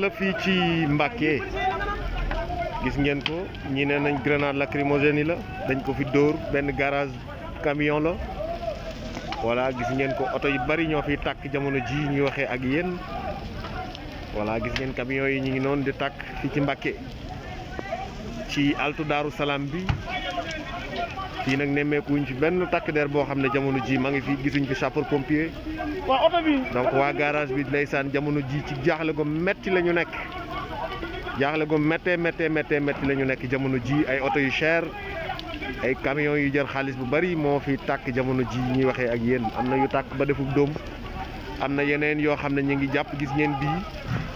la fii ci Mbàkke gis ngeen ko ñi ne nañ grenade lacrymogène yi la dañ ko fi dóor benn garage camion la voilà gis ngeen ko oto yu bari ñoo fiy tàkk jamono ji ñuy waxee ak yéen voilà gis ngeen camion yi ñu ngi noon di tàkk fii ci Mbàkke ci altu Daaru Salaam bi fii nag nemmeekuñ ci benn tàkk der boo xam ne jamono jii maa ngi fi gisuñ fi sapeur oto bi. donc waa garage bi ndeysaan jamono jii ci jaaxle go metti la ñu nekk jaaxle go méttee méttee méttee métti la ñu nekk jamono jii ay oto yu cher ay camions yu jël xaalis bu bari moo fi tàkk jamono ji ñuy waxee ak yéen am na yu tàkk ba defub dóom am na yeneen yoo xam ne ñu ngi jàpp gis ngeen bii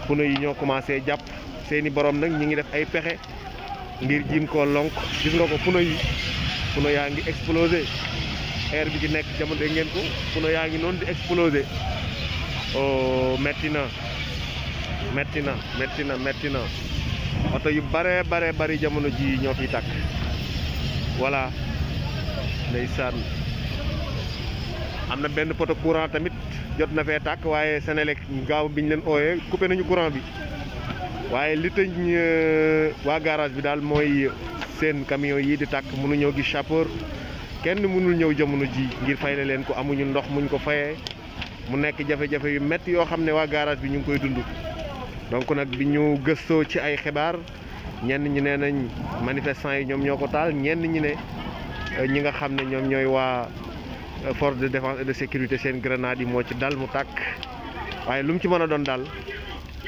pneu yi ñoo commencé jàpp seeni borom nag ñu ngi def ay pexe ngir jiim koo lonk gis nga ko yi. pneu yaa ngi explosé air bi ci nekk jamono dégg ngeen ko pneu yaa ngi noonu di explosé oh metti na metti na metti na metti na oto yu bare bare bari jamono ji ñoo fiy tàkk voilà ndeysaan am na benn poto courant tamit jot na fee tàkk waaye Senelec gaaw biñ leen ooyee coupé nañu courant bi waaye li tëj euh, waa garage bi daal mooy seen camion yii di tàkk mënuñoo gis chauffeur kenn mënul ñëw jamono ji ngir fay la leen ko amuñu ndox muñ ko fayee mu nekk jafe-jafe yu métti yoo xam ne waa garage bi ñu ngi koy dund donc nag bi ñu gëstoo ci ay xibaar ñenn ñi nee nañ manifestant yi ñoom ñoo ko taal ñenn ñi ne euh, ñi nga xam ne ñoom ñooy waa euh, force de défense de sécurité seen grenade yi moo ci dal mu tàkk waaye lu mu ci mën a doon daal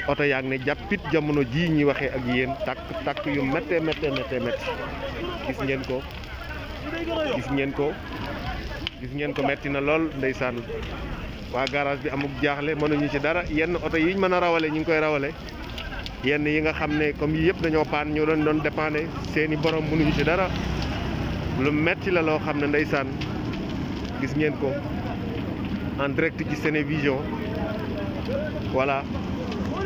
oto yaa ngi ne jàppit jamono jii ñuy waxee ak yéen takk takk yu méttee méttee méttee métti gis ngeen ko gis ngeen ko gis ngeen ko metti na lool ndeysaan waa garage bi amuk jaaxle mënuñu ci dara yenn oto yi ñu mën a rawale ñu ngi koy rawale yenn yi nga xam ne comme yi yëpp dañoo paan ñoo doon doon dépendé seeni borom mënuñu ci dara lu metti la loo xam ne ndeysaan gis ngeen ko en direct ci seeni Sénévision voilà